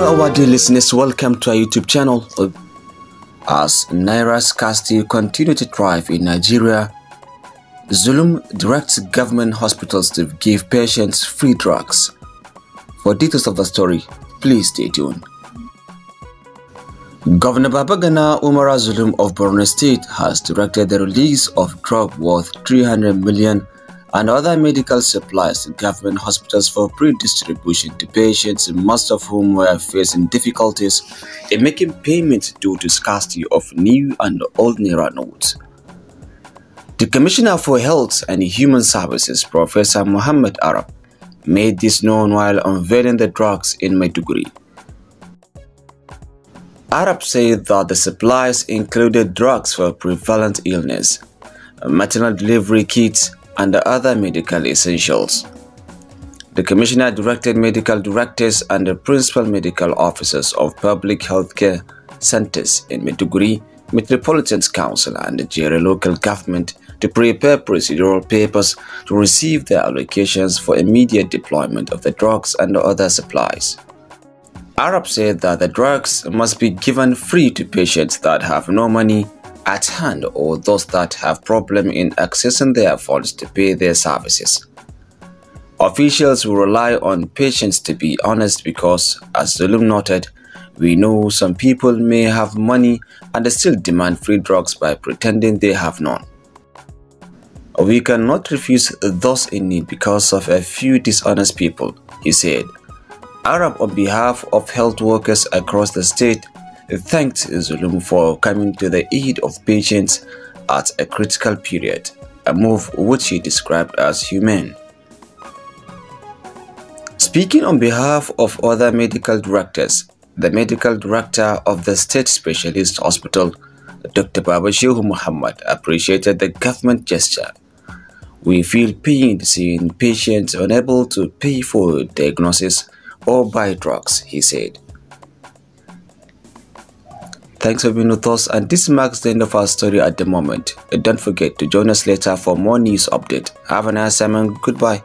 Hello, our dear listeners. Welcome to our YouTube channel. As Naira's scarcity continue to thrive in Nigeria, Zulum directs government hospitals to give patients free drugs. For details of the story, please stay tuned. Governor Babagana Umar Zulum of Borno State has directed the release of drug worth 300 million million and other medical supplies to government hospitals for pre-distribution to patients, most of whom were facing difficulties in making payments due to scarcity of new and old Naira notes. The Commissioner for Health and Human Services, Professor Muhammad Arab, made this known while unveiling the drugs in Maiduguri. Arab said that the supplies included drugs for prevalent illness, maternal delivery kits, and other medical essentials. The Commissioner directed medical directors and the principal medical officers of public healthcare centers in Meduguri, Metropolitan Council and the Jere local government to prepare procedural papers to receive their allocations for immediate deployment of the drugs and other supplies. Arab said that the drugs must be given free to patients that have no money at hand or those that have problem in accessing their funds to pay their services. Officials will rely on patients to be honest because, as Zulum noted, we know some people may have money and still demand free drugs by pretending they have none. We cannot refuse those in need because of a few dishonest people, he said. Arab on behalf of health workers across the state thanked Zulum for coming to the aid of patients at a critical period, a move which he described as humane. Speaking on behalf of other medical directors, the medical director of the State Specialist Hospital, Dr. Babashiru Muhammad, appreciated the government gesture. We feel pain seeing patients unable to pay for diagnosis or buy drugs, he said. Thanks for being with us and this marks the end of our story at the moment. Don't forget to join us later for more news update. Have a nice time and goodbye.